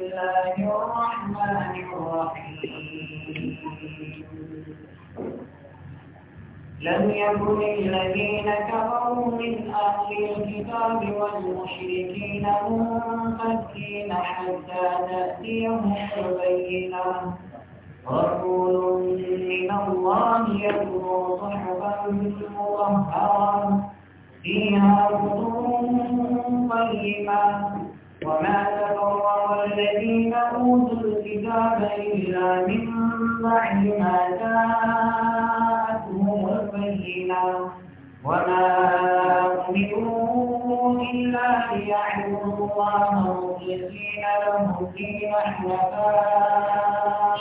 الله الرحمن الرحيم لم يكن الذين كفروا من أهل الكتاب والمشركين منفكين حتى تأتيهم البينة رسول من الله يكون صحبا مطهرا فيها كتب طيبة وما تفرق الذين أوتوا الكتاب إلا من بعد ما جاءتهم البينة وما أمروا إلا ليعبدوا الله مخلصين له الدين حنفاء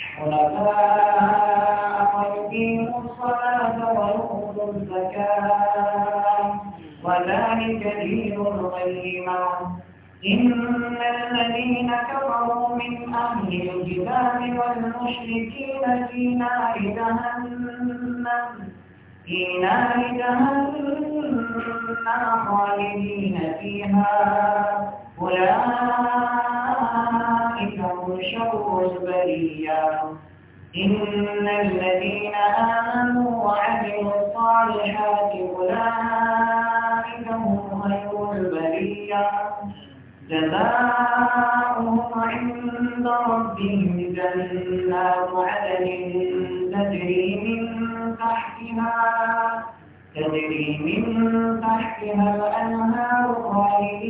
حنفاء ويقيموا الصلاة ويؤتوا الزكاة ذلك دين إن الذين كفروا من أهل الكتاب والمشركين في نار جهنم في نار جهنم خالدين فيها أولئك هم شر البرية إن الذين آمنوا وعملوا الصالحات أولئك هم خير البرية جزاؤهم عند ربهم جنات عدن تجري من تحتها تجري من تحتها الأنهار خالدين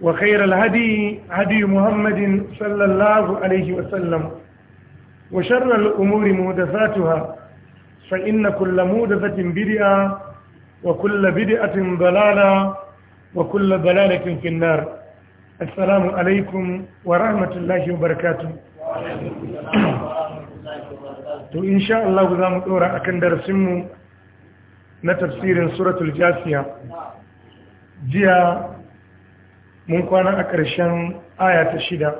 وخير الهدي هدي محمد صلى الله عليه وسلم وشر الأمور مهدفاتها فإن كل مهدفة بدعة وكل بدعة ضلالة وكل ضلالة في النار السلام عليكم ورحمة الله وبركاته to إن شاء الله mu dora akan darasinmu نتفسير سورة الجاسية جيا mun kwana a ƙarshen aya ta shida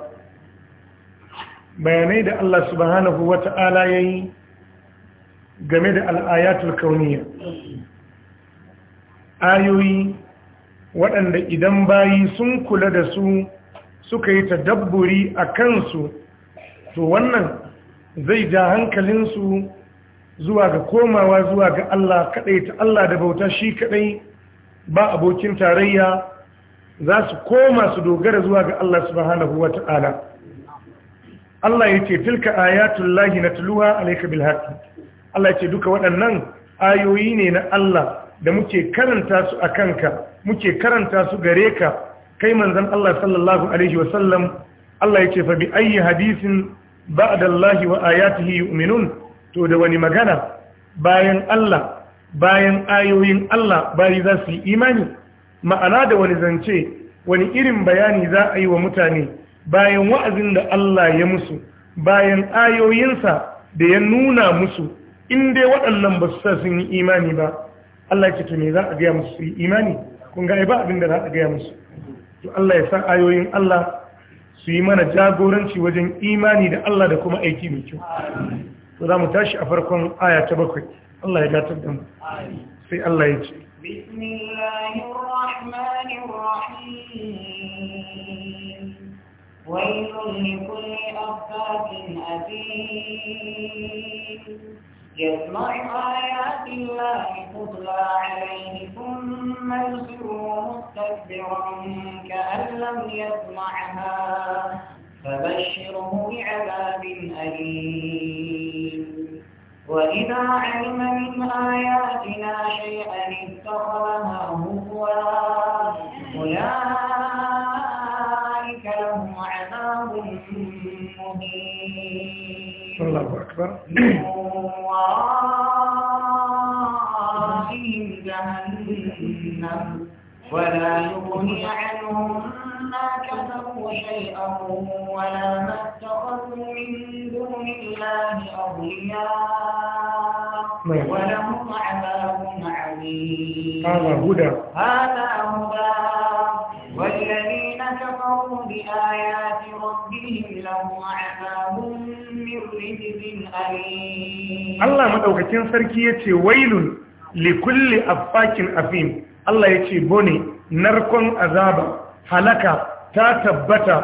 bayanai da Allah subhanahu wa ta'ala ya yi game da al'ayatul kauniya ayoyi waɗanda idan bayi sun kula da su suka yi ta dabburi a kansu to wannan zai ja hankalinsu zuwa ga komawa zuwa ga Allah kaɗai ta Allah da bauta shi kaɗai ba abokin tarayya za su koma su dogara zuwa ga Allah subhanahu ta'ala Allah ya ce tilka ayatul lahi natluha alayka bil haqqi Allah ya ce duka waɗannan ayoyi ne na Allah da muke karanta su kanka, muke karanta su gare ka kai manzon Allah sallallahu alaihi wa sallam Allah ya ce fa bi hadisin, hadisin ba'da Allah wa ayatihi yu'minun to da wani magana bayan Allah bayan ayoyin Allah bayi za su yi imani ma'ana da wani zance wani irin bayani za a yi wa mutane bayan wa'azin da Allah ya musu bayan ayoyinsa da ya nuna musu in dai waɗannan ba su sa sun yi imani ba Allah ce za a gaya musu su yi imani kun ga ba abin da za a gaya musu to Allah ya sa ayoyin Allah su yi mana jagoranci wajen imani da Allah da kuma aiki mai kyau to za mu tashi a farkon aya ta bakwai Allah ya gatar da mu sai Allah ya ce رحيم ويل لكل أفاك أثيم يسمع آيات الله تتلى عليه ثم يصر مستكبرا كأن لم يسمعها فبشره بعذاب أليم وإذا علم من آياتنا شيئا اتخذها هزوا أولئك لهم عذاب مهين الله أكبر وراءهم جهنم ولا يغني عنهم ما كسبوا شيئا ولا ما اتخذوا من دون الله أولياء نعم. ولهم عذاب هذا هدى هذا هدى والذين كفروا بآيات ربهم لهم عذاب Allah maɗaukacin sarki ya ce wailun a fakin afim Allah ya ce bone narkon azaba halaka ta tabbata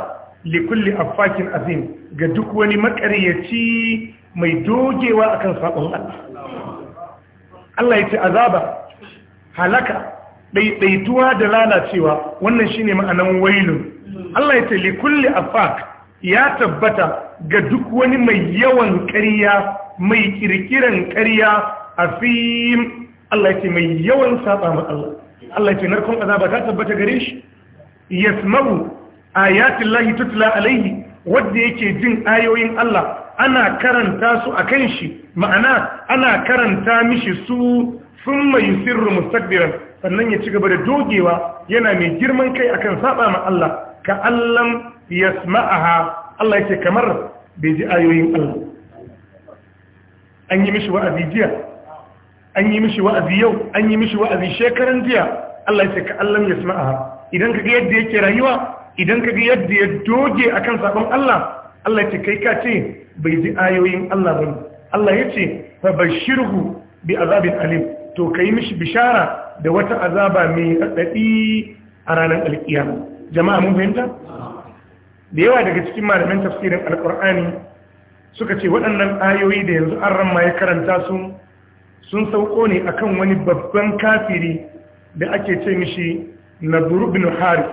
a fakin afim ga duk wani makaryaci mai dogewa akan sabon Allah Allah ya ce azaba halaka ɗaiɗaituwa da lalacewa wannan shine ma'anan wailun Allah ya ce li kulli afaq ya tabbata ga duk wani mai yawan ƙarya mai kirkiran ƙarya afim Allah ya ce mai yawan saba ma Allah Allah ya ce narkon azaba ta tabbata gare shi yasma'u a lahi tutla alaihi wanda yake jin ayoyin Allah ana karanta su a kan shi ma'ana ana karanta mishi su sun mai sirru mustakbiran sannan ya ci gaba da dogewa yana mai girman kai akan saba ma Allah ka allam yasma'aha Allah yake kamar bai ji ayoyin Allah an yi mishi wa'azi jiya an yi mishi wa'azi yau an yi mishi wa'azi shekaran jiya Allah yake ka allam yasma'aha idan kaga yadda yake rayuwa idan kaga yadda ya doge akan sabon Allah Allah yake kai ka ce bai ji ayoyin Allah ba Allah yace fa bashirhu bi azabin alim to ka yi mishi bishara da wata azaba mai raɗaɗi a ranar alƙiya jama'a mun fahimta da yawa daga cikin malamin tafsirin alƙur'ani suka ce waɗannan ayoyi da yanzu an ranma ya karanta su sun sauko ne a kan wani babban kafiri da ake ce mishi nabur haris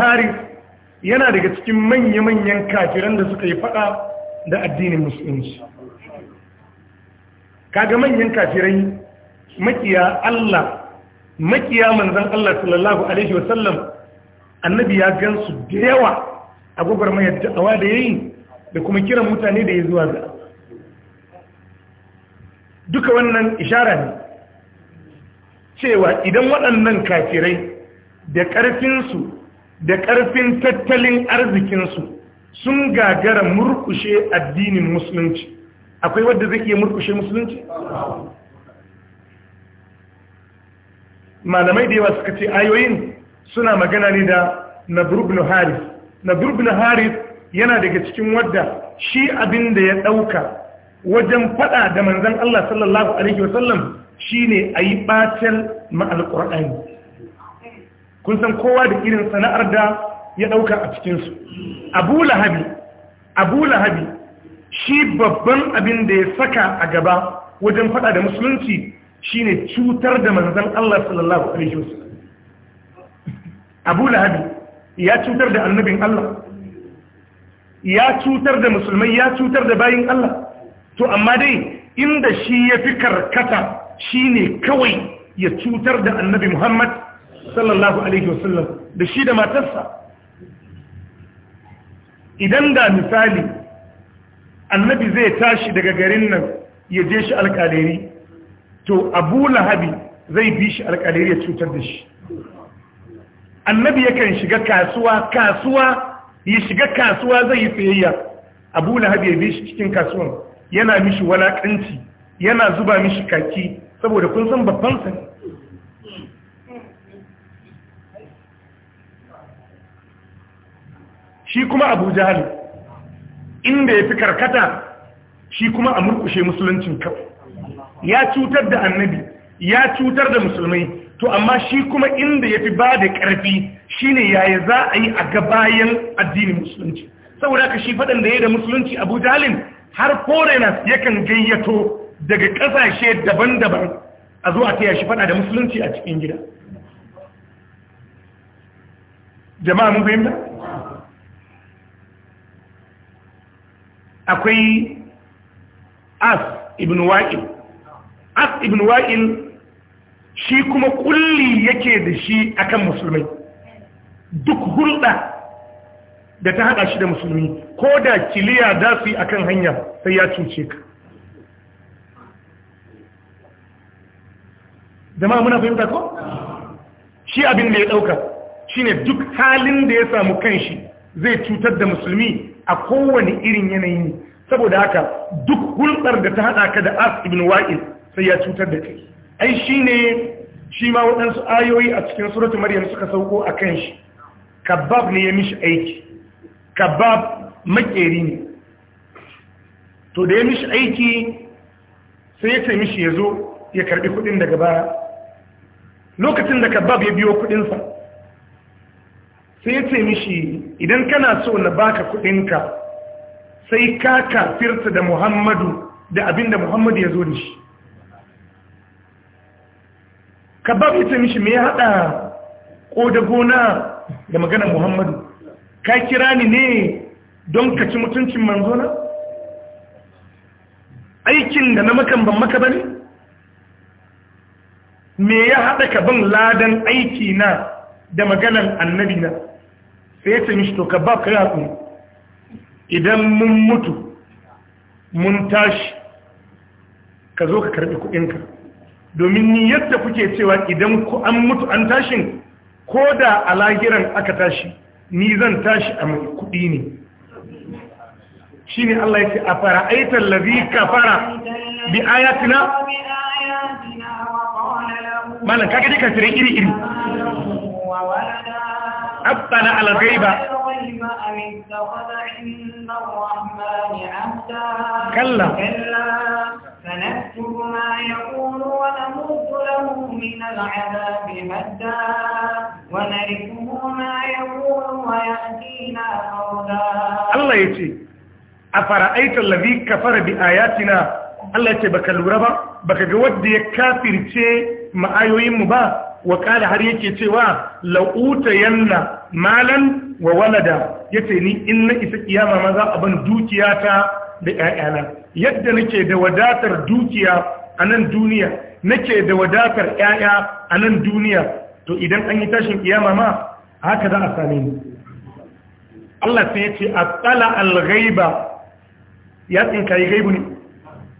haris yana daga cikin manya-manyan kafiran da suka yi faɗa da addinin musulunci kaga manyan kafirai makiya Allah makiya manzon Allah sallallahu alaihi wasallam annabi ya gansu da yawa a gwagwarmayar da'awa da yayi da kuma kiran mutane da ya zuwa ga duka wannan ishara ne cewa idan waɗannan kafirai da ƙarfinsu da ƙarfin tattalin arzikinsu sun gagara murkushe addinin musulunci akwai wadda zai iya murkushe musulunci malamai da yawa suka ce ayoyin suna magana ne da nabrubbin haris nabrubbin haris yana daga cikin wadda shi abin da ya ɗauka wajen faɗa da manzan Allah sallallahu Alaihi wasallam shi ne a yi ɓacin ma'alƙur'ani kun san kowa da irin sana'ar da ya ɗauka a cikinsu abu lahabi abu lahabi shi babban abin da ya saka a gaba wajen fada da musulunci shine cutar da manzan Allah sallallahu alaihi wasallam Abu Lahabi ya cutar da annabin Allah ya cutar da musulmai ya cutar da bayin Allah to amma dai inda shi ya fi karkata shine kawai ya cutar da annabi Muhammad sallallahu alaihi wasallam da shi da matarsa idan da misali annabi zai tashi daga garin nan ya je shi alƙaliri, to abu lahabi zai bi shi alƙaliri ya cutar da shi annabi yakan shiga kasuwa kasuwa ya shiga kasuwa zai yi tsayayya abu lahabi ya bi shi cikin kasuwan yana mishi walaƙanci yana zuba mishi kaki saboda kun san babban sa shi kuma abu jahal inda ya fi karkata shi kuma a murkushe musuluncin kawai ya cutar da annabi ya cutar da musulmai to amma shi kuma inda ya fi ba da ƙarfi shi ne yaya za a yi a gabayan addinin musulunci saboda ka shi faɗin da ya da musulunci abu jalin har foreigners yakan gayyato daga ƙasashe daban-daban a zuwa taya shi faɗa da musulunci a cikin gida jama'a mun fahimta akwai as ibn wa'il as ibn wa'il shi kuma kulli yake da shi akan musulmai duk hulɗa da ta haɗa shi da musulmi ko da kiliya za su yi akan hanya sai ya cuce ka jama'a muna fahimta ko? shi abin da ya ɗauka shi ne duk halin da ya samu kanshi zai cutar da musulmi a kowane irin yanayi saboda haka duk hulɗar da ta haɗa ka da as ibn wa'il sai ya cutar da kai ai shi ne shi ma waɗansu ayoyi a cikin suratu maryam suka sauko a kan shi kabab ne ya mishi aiki kabab makeri ne to da ya mishi aiki sai ya ce mishi ya zo ya karɓi kuɗin daga baya lokacin da kabab ya biyo kuɗinsa sai ya ce mishi idan kana so na baka kuɗinka sai ka kafirta da muhammadu da abinda muhammadu ya zo da shi ka ba mutum mishi me ya haɗa da gona da maganar muhammadu ka kira ni ne don ka ci mutuncin manzona aikin da na makan ban maka ba ne me ya haɗa ka ban ladan aiki na da maganan annabi na sai ya ce mishi to ka ba ka yatsu idan mun mutu mun tashi ka zo ka karɓi kuɗinka domin ni yadda kuke cewa idan ku an mutu an tashin ko da a lahiran aka tashi ni zan tashi a mai kuɗi ne shine Allah ya ce a fara aitar lazi ka fara bi ayatina malam kaga ka iri-iri على الغيبة كلا فنكتب ما يقول ونمد له من العذاب مدا ونرثه ما يقول ويأتينا فردا الله يتي أفرأيت الذي كفر بآياتنا الله يتي بك اللورة بك جود يكافر تي ما آيوين مبا wa kala har yake cewa la'uta yanna malan wa walada ce ni in na isa kiyama ma za a ban dukiyata da ƴaƴana yadda nake da wadatar dukiya a nan duniya nake da wadatar ƴaƴa a nan duniya to idan an yi tashin kiyama ma haka za a same ni Allah sai yace aqala al-ghaiba ya tsinka yi gaibu ne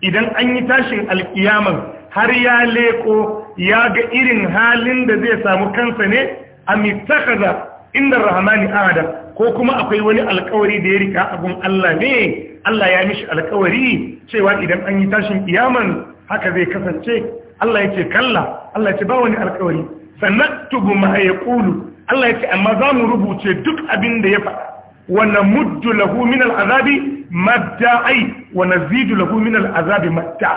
idan an yi tashin alkiyaman har ya leko ya ga irin halin da zai samu kansa ne a mitakaza inda rahamani ahada ko kuma akwai wani alkawari da ya rika abun Allah ne Allah ya mishi alkawari cewa idan an yi tashin kiyaman haka zai kasance Allah ya ce kalla Allah ya ce ba wani alkawari sannan tubu ma ya kulu Allah ya ce amma za mu rubuce duk abin da ya faɗa wannan muddu lahu min madda'ai wa nazidu lahu min al'azabi madda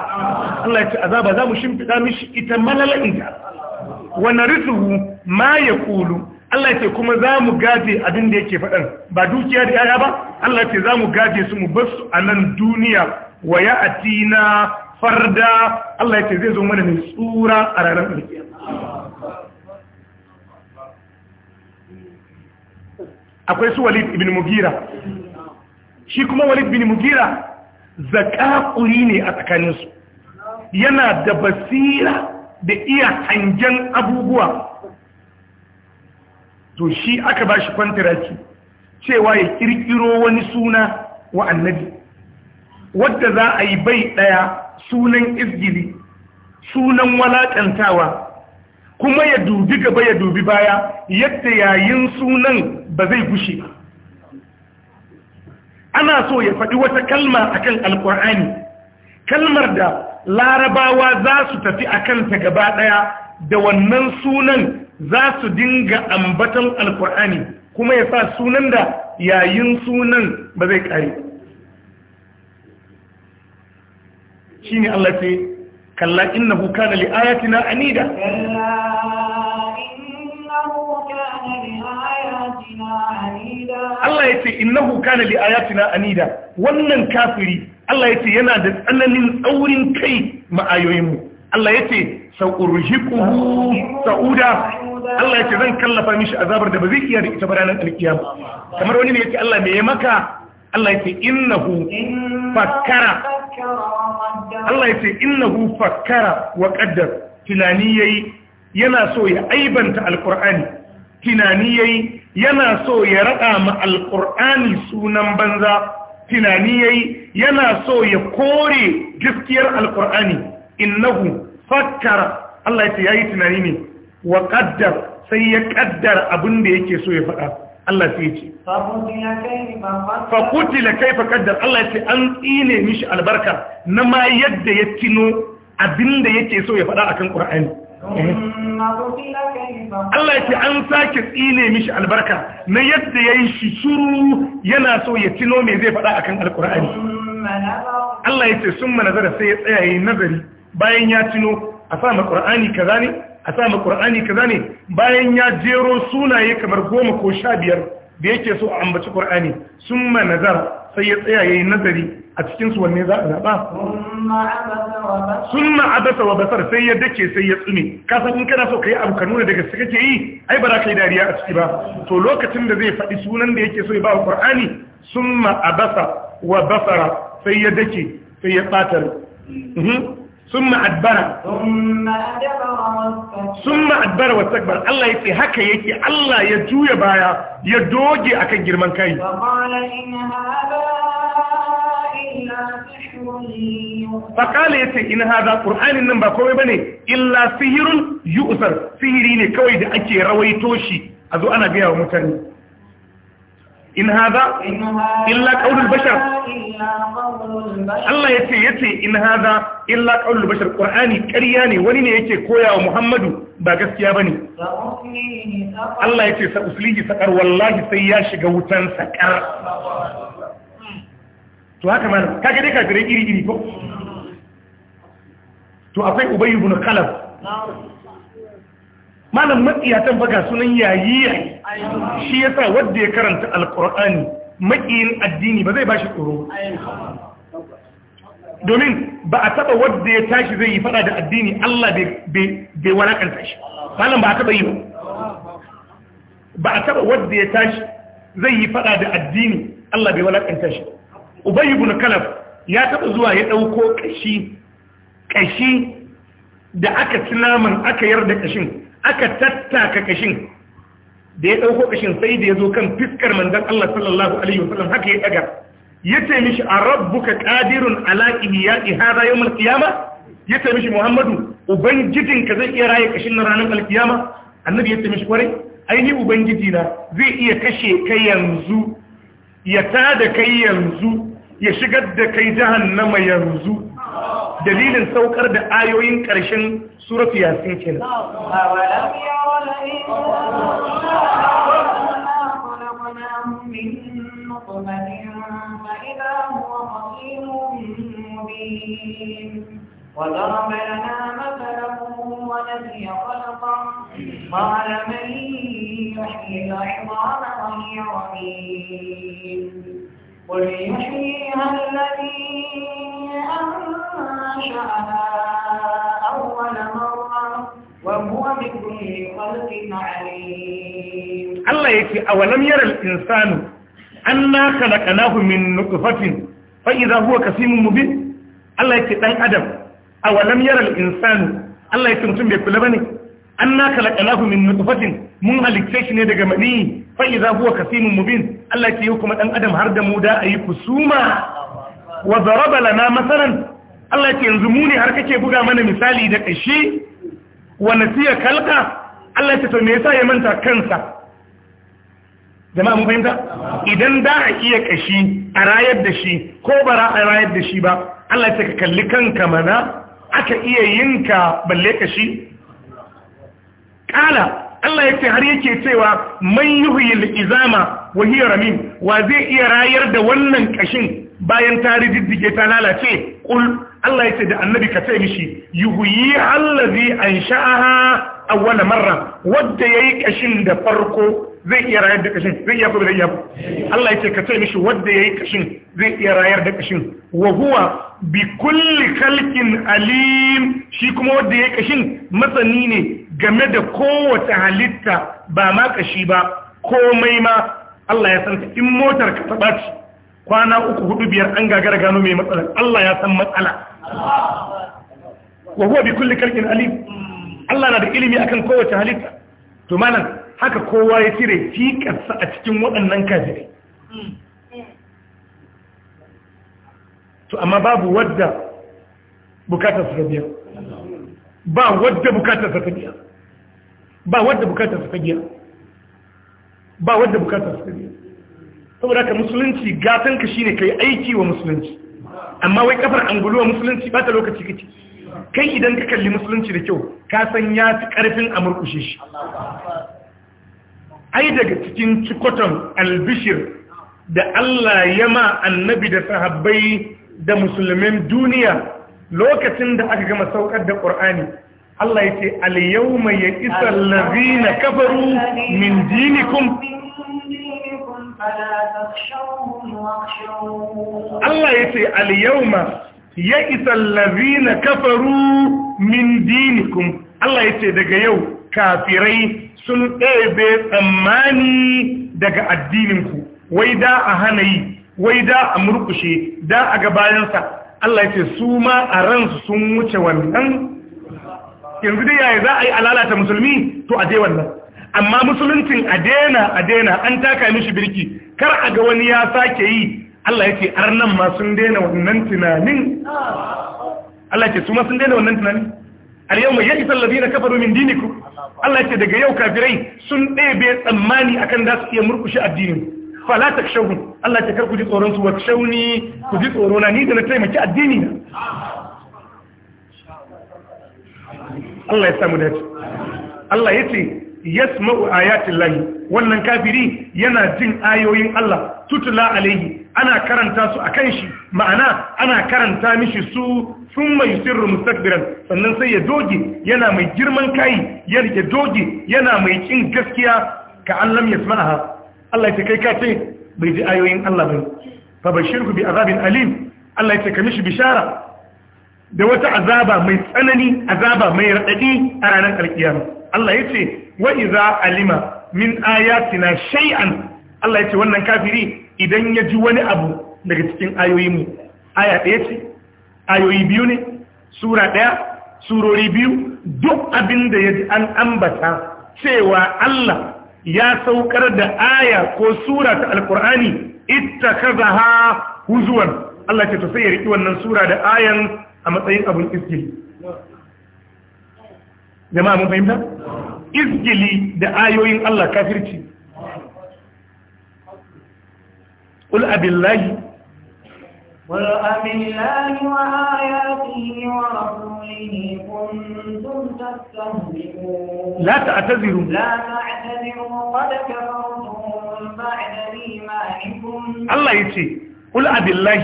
Allah ya azaba za mu shimfiɗa mishi ita malala'inta wa narithu ma yaqulu Allah ya kuma za mu gaje abin da yake faɗan ba dukiya da yaya ba Allah ya ce za mu gaje su mu basu a nan duniya wa ya'tina farda Allah ya zai zo mana mai tsura a ranar kiyama akwai su walid ibn mugira shi kuma walid bin mugira zakakuri ne a tsakaninsu yana da basira da iya hangen abubuwa to shi aka ba shi kwantaraki cewa ya ƙirƙiro wani suna wa annabi wadda za a yi bai ɗaya sunan izgiri sunan walaƙantawa kuma ya dubi gaba ya dubi baya yadda yayin sunan ba zai gushe ba ana so ya faɗi wata kalma akan alkur'ani kalmar da larabawa za su tafi a kanta gaba ɗaya da wannan sunan za su dinga ambatan alkur'ani kuma ya sa sunan da yayin sunan ba zai ƙare shi ne allafi kalla innahu kana li anida Allah ya ce innahu kana li ayatina anida wannan kafiri Allah ya ce yana da tsananin tsaurin kai ma'ayoyinmu Allah ya ce sa'urhiquhu sa'uda Allah ya ce zan kallafa mishi azabar da ba zai iya da ita ba ranar kamar wani ne ya ce Allah me ya maka Allah ya ce innahu fakkara Allah ya ce innahu wa tunani yayi yana so ya aibanta alkur'ani tunani yayi yana so ya raɗa ma alkur'ani sunan banza tunani yayi yana so ya kore gaskiyar alkur'ani innahu fakkara Allah ya ce yayi tunani ne wa qaddar sai ya ƙaddar abin da yake so ya faɗa Allah sai ya ce fa da kaifa qaddar Allah ya ce an tsine mishi albarka na ma yadda ya tino abin da yake so ya faɗa akan ƙur'ani. Eh. Allah ya ce an sake tsine mishi albarka na yadda ya yi shi shuru yana so ya tino mai zai faɗa akan alkur'ani Allah ya ce sun manazara sai ya tsaya yi nazari bayan ya tino a sa makur'ani kaza ne a sa makur'ani kaza ne bayan ya jero sunaye kamar goma ko sha biyar da yake so a ambaci kur'ani sun manazara sai ya tsaya yi nazari a cikin wanne za a zaba Sun abasa wa basar sai ya dake sai ya tsume ka san in kana so ka yi abu ka nuna daga gaske kake yi ai ba za ka yi dariya a ciki ba to lokacin da zai faɗi sunan da yake so ya ba alqur'ani sun abasa wa basara sai ya dake sai ya tsatar ثم أدبر ثم أدبر واستكبر الله يتي هكا يتي الله يجوي بايا يدوجي أكا جرمان كاي فقال إن هذا إلا سحر فقال يتي إن هذا قرآن النمبا كوي بني إلا سحر يؤثر سحريني كوي دي أكي رويتوشي أذو أنا بيها ومتاني in haza illa qaulul bashar Allah yace yace in haza illa qaulul bashar qur'ani ƙarya ne wani ne yake koya wa Muhammadu ba gaskiya bane Allah yace sa uslihi saƙar wallahi sai ya shiga wutan saqar to haka mana kaga dai kafirai iri iri ko to akwai ubay ibn khalaf malam matsiyatan baga sunan yayi yayi shi yasa wanda ya karanta alqur'ani makiyin addini ba zai bashi tsoro domin ba a taba wanda ya tashi zai yi fada da addini Allah bai walakanta shi malam ba a taba yi ba ba a taba wanda ya tashi zai yi fada da addini Allah bai walakanta shi ubayy ibn kalaf ya taba zuwa ya dauko kashi kashi da aka ci naman aka yarda kashin aka tattaka kashin da ya ɗauko kashin sai da ya zo kan fiskar manzan Allah sallallahu alaihi wasallam haka ya ɗaga ya ce mishi a rabbuka qadirun ala ihya'i hadha yawm al-qiyama ya ce mishi Muhammadu ka zai iya raye kashin na ranar alkiyama annabi ya ce mishi kwarai aini ubangiji na zai iya kashe kai yanzu ya tada kai yanzu ya shigar da kai jahannama yanzu dalilin saukar da ayoyin ƙarshen suratu yasin kenan وضرب لنا مثلا ونسي خلقه قال من يحيي العظام وهي رميم وليحييها الذي أنشأها أول مرة وهو بكل خلق عليم الله يكفي أولم يرى الإنسان أنا خلقناه من نطفة فإذا هو كسيم مبين Allah ya ce ɗan adam a walam yaral insanu Allah ya ce mutum bai kula ba ne an naka kalaka min nutfatin mun halicce shi ne daga maniyi Fa'iza idza huwa kasimun mubin Allah ke yi kuma dan adam har da mu da ayi kusuma wa daraba na masalan Allah ke yanzu mu ne har kake buga mana misali da kashi wa nasiya kalka Allah ke to me yasa ya manta kansa jama'a mu fahimta idan da a iya kashi a rayar da shi ko bara a rayar da shi ba Allah ce ka kalli kanka mana aka iya yinka balle kashi Ƙala. Allah ya yake har yake cewa man yuhyil izama wa hiya ramim wa zai iya rayar da wannan kashin bayan ta riddige ta lalace kul Allah yake da annabi ka ce mishi yuhyi allazi ansha'aha awwala marra wanda yayi kashin da farko zai iya rayar da kashin zai iya ko zai iya Allah yake ka ce mishi wanda yayi kashin zai iya rayar da kashin wa huwa bi kulli khalqin alim shi kuma wanda yayi kashin masani ne game da kowace halitta ba ma ba komai ma Allah ya san ta in motar ka taɓa ci kwana uku hudu biyar an gagara gano mai matsala Allah ya san matsala wa huwa bi kulli kalkin alim Allah na da ilimi akan kowace halitta to malam haka kowa ya cire fikarsa a cikin waɗannan kafirai to amma babu wadda bukatar sa biyar, ba wadda bukatar sa biyar. ba wadda bukatar su ba wadda bukatar su saboda ka musulunci gatan ka shine kai aiki wa musulunci amma wai kafar anguluwa musulunci ba ta lokaci kace kai idan ka kalli musulunci da kyau ka san ya fi karfin a murkushe shi ai daga cikin cikoton albishir da Allah ya ma annabi da sahabbai da musulmin duniya lokacin da aka gama saukar da ƙur'ani Allah ya ce al-yawma ya'isa allazina kafaru min dinikum Allah ya ce al-yawma ya'isa allazina kafaru min dinikum Allah ya ce daga yau kafirai sun ɗebe tsammani daga addininku wai da a hana yi wai da a murkushe da a gabayansa Allah ya ce su ma a ransu sun wuce wannan yanzu dai yaya za a yi alalata musulmi to a je wannan amma musuluncin a daina a daina an taka mishi birki kar a ga wani ya sake yi Allah ya ce arnan ma sun daina wannan tunanin Allah ya ce su ma sun daina wannan tunanin al-yau mai yaki sallabi na kafaru min diniku Allah ya ce daga yau kafirai sun ɗebe tsammani akan da su iya murkushe addinin fala ta shawun Allah ya ce kar ku ji tsoron su wa shauni ku ji tsoro na ni da na taimaki addini Allah ya samu dace Allah ya ce yasma'u ayatin lahi wannan kafiri yana jin ayoyin Allah tutula alaihi ana karanta su a kan shi ma'ana ana karanta mishi su sun mai sirru mustakbiran sannan sai ya doge yana mai girman kai ya rike doge yana mai kin gaskiya ka Allah ya sama'a Allah ya ce kai ka ce bai ji ayoyin Allah ba fa bashirku bi azabin alim Allah ya ce ka mishi bishara da wata azaba mai tsanani azaba mai raɗaɗi a ranar alkiyama Allah ya ce wa iza alima min ayatina shay'an Allah ya ce wannan kafiri idan ya ji wani abu daga cikin ayoyi mu aya ɗaya ce ayoyi biyu ne sura ɗaya surori biyu duk abin da ya ji an ambata cewa Allah ya saukar da aya ko sura ta alkur'ani ittakazaha huzuwan Allah ce to sai ya riki wannan sura da ayan a matsayin abin isgili jama'a mun fahimta isgili da ayoyin Allah kafirci قل أبالله قل أبالله وآياته ورسوله كنتم تستهزئون لا تعتذروا لا تعتذروا قد كفرتم بعد إيمانكم الله يتي قل أبالله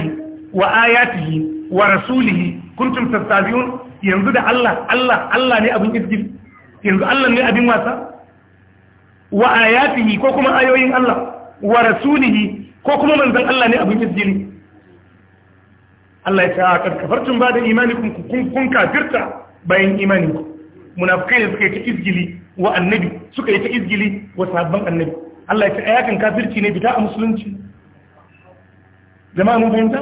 وآياته ورسوله kuntum tastaziyun yanzu da Allah Allah Allah ne abin izgil yanzu Allah ne abin wasa wa ayatihi ko kuma ayoyin Allah wa rasulihi ko kuma manzon Allah ne abin izgil Allah ya ce a karkafartun ba da imanikum kun kafirta bayan imaninku munafikai da suka yi ta izgili wa annabi suka yi ta izgili wa sabon annabi Allah ya ce ayakan kafirci ne bita a musulunci jama'a mun fahimta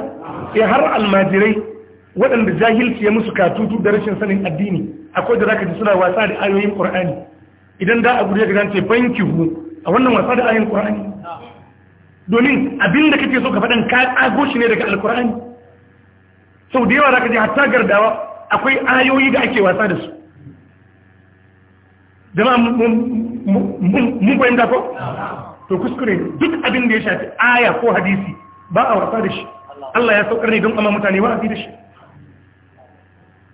sai eh, har almajirai waɗanda jahilci ya musu katutu da rashin sanin addini akwai da zaka ji suna wasa da ayoyin qur'ani idan da a guri ga ce banki hu a wannan wasa da ayoyin qur'ani domin abin da kake so ka faɗan ka tsago shi ne daga alqur'ani sau da yawa zaka ji hatta gardawa akwai ayoyi da ake wasa da su jama'a mun da ko to kuskure duk abin da ya shafi aya ko hadisi ba a wasa da shi Allah ya saukar ne don amma mutane wa'azi da shi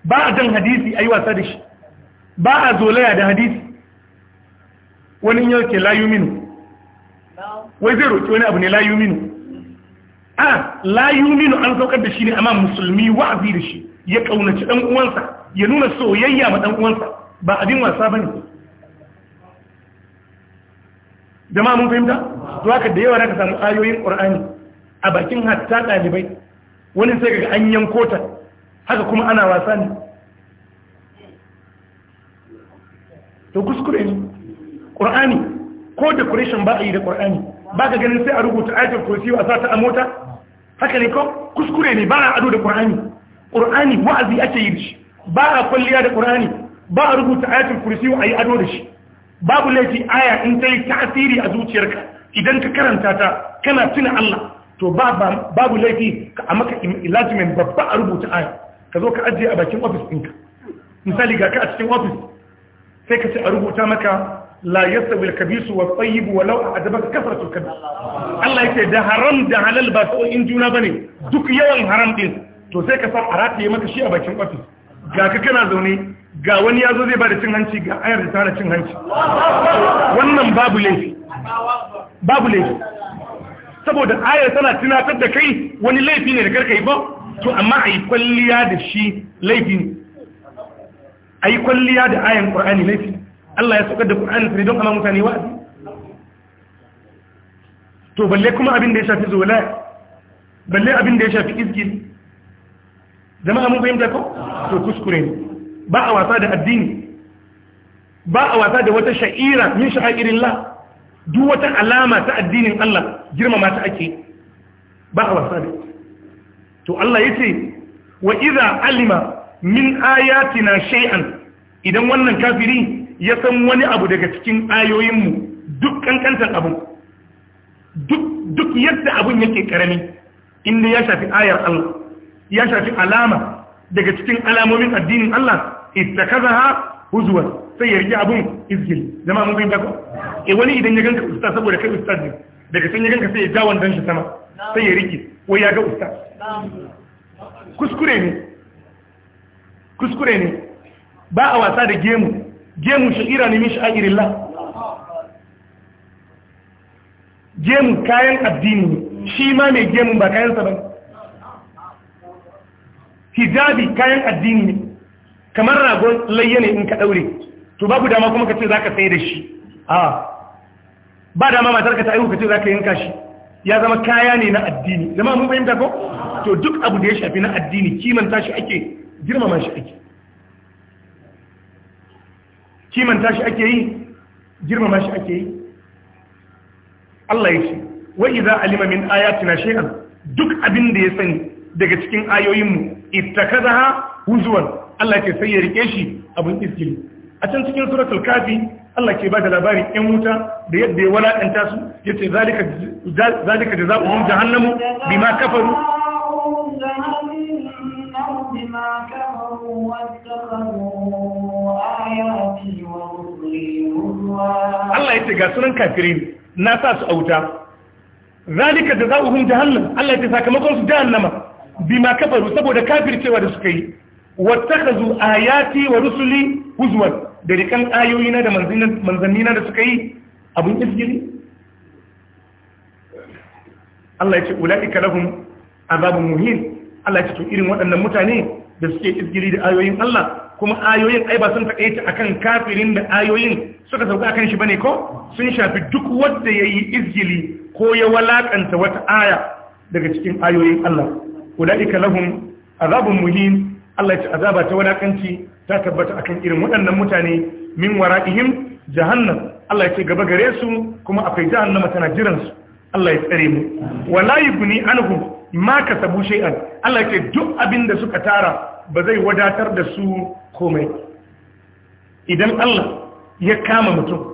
ba a jan hadisi a yi wasa da shi ba a zolaya da hadisi wani yau ke layu minu wai zai roƙi wani abu ne layu minu a layu minu an saukar da shi ne amma musulmi wa'azi da shi ya ƙaunaci ɗan uwansa ya nuna soyayya ma ɗan uwansa ba abin wasa ba ne jama'a mun fahimta to haka da yawa na ka samu ayoyin ƙur'ani a bakin hatta ɗalibai wani sai ga an ta. haka kuma ana wasa ne to kuskure ne ƙur'ani ko decoration ba a yi da ƙur'ani ba ka ganin sai a rubuta ayatul kursi a sa a mota haka ne ko kuskure ne ba a ado da ƙur'ani ƙur'ani wa'azi ake yi da shi ba a kwalliya da ƙur'ani ba a rubuta ayatul kursi a yi ado da shi babu laifi aya in ta yi tasiri a zuciyarka idan ka karanta ta kana tuna Allah to babu laifi ka a maka babba a rubuta aya ka zo ka ajiye a bakin ofis ɗinka misali ga ka a cikin ofis sai ka ce a rubuta maka la ka bi kabisu wa tayyibu wa law adabaka kasratu al-kabis Allah ce da haram da halal ba sai in juna ne duk yawan haram ɗin, to sai ka san a rataye maka shi a bakin ofis ga ka kana zaune ga wani yazo zai bada cin hanci ga ayar da tara cin hanci wannan babu laifi babu laifi saboda ayar tana tunatar da kai wani laifi ne da karka yi ba to amma a yi kwalliya da shi laifi ne a yi kwalliya da ayan ƙur'ani laifi Allah ya saukar da ƙur'ani sai don amma mutane wa? to balle kuma abin da ya shafi zola balle abin da ya shafi izgil jama'a mun fahimta ko to kuskure ne ba a wasa da addini ba a wasa da wata sha'ira min sha'irin la duk wata alama ta addinin Allah girmama ta ake ba a wasa da to Allah Ya ce wa idza alima min ayatina shay'an idan wannan kafiri ya san wani abu daga cikin ayoyinmu duk kankantar abu duk duk yadda abun yake karami inda ya shafi ayar Allah ya shafi alama daga cikin alamomin addinin Allah ittakazaha huzwan sai ya rike abun izgil Jama'a mun fahimta ko eh wani idan ya ganka ustaz saboda kai ustaz ne daga san ya ganka sai ya ja wandan shi sama sai ya rike ko ya ga ustaz kuskure ne kuskure ne ba a wasa da gemu gemu ira ne min la. gemu kayan addini shi ma mai gemun ba kayansa ba hijabi kayan addini ne kamar ragon layya ne in ka daure to babu dama kuma ka ce za ka sai da shi a ba dama matar ka ta aihu ka ce za ka yanka shi ya zama kaya ne na addini zama mun fahimta ko to duk abu da ya shafi na addini kimanta shi ake girmama shi ake kimanta shi ake yi girmama shi ake yi Allah ya ce wa idza alima min ayatina shay'an duk abin da ya sani daga cikin mu ittakadha huzwan Allah ya ce sai ya rike shi abun iskili a can cikin suratul kafi Allah ke ba da labarin ‘yan wuta da yadda ya walakanta su ya ce zalika da za'uhun jahannamu bi ma kafaru Allah ya ce ga sunan kafirin na sa su auta zalika da za'uhun jahannam Allah ya ce sakamakon su jahannama bi ma kafaru saboda kafircewa da suka yi wata ka zu ayati wa rusuli huzwar da rikan ayoyina da na da suka yi abin izgiri Allah ya ce ula'ika lahum azabun muhin Allah ya ce to irin waɗannan mutane da suke izgiri da ayoyin Allah kuma ayoyin ai ba sun a akan kafirin da ayoyin suka sauka akan shi bane ko sun shafi duk wanda yi izgili ko ya walakanta wata aya daga cikin ayoyin Allah ula'ika lahum azabun muhin Allah ya ce azaba ta wadakanci ta tabbata akan irin waɗannan mutane min wara'ihim jahannam Allah ya ce gaba gare su kuma akwai jahannama tana jiran su Allah ya tsare mu wala yubni anhu ma kasabu shay'an Allah ya ce duk abin da suka tara ba zai wadatar da su komai idan Allah ya kama mutum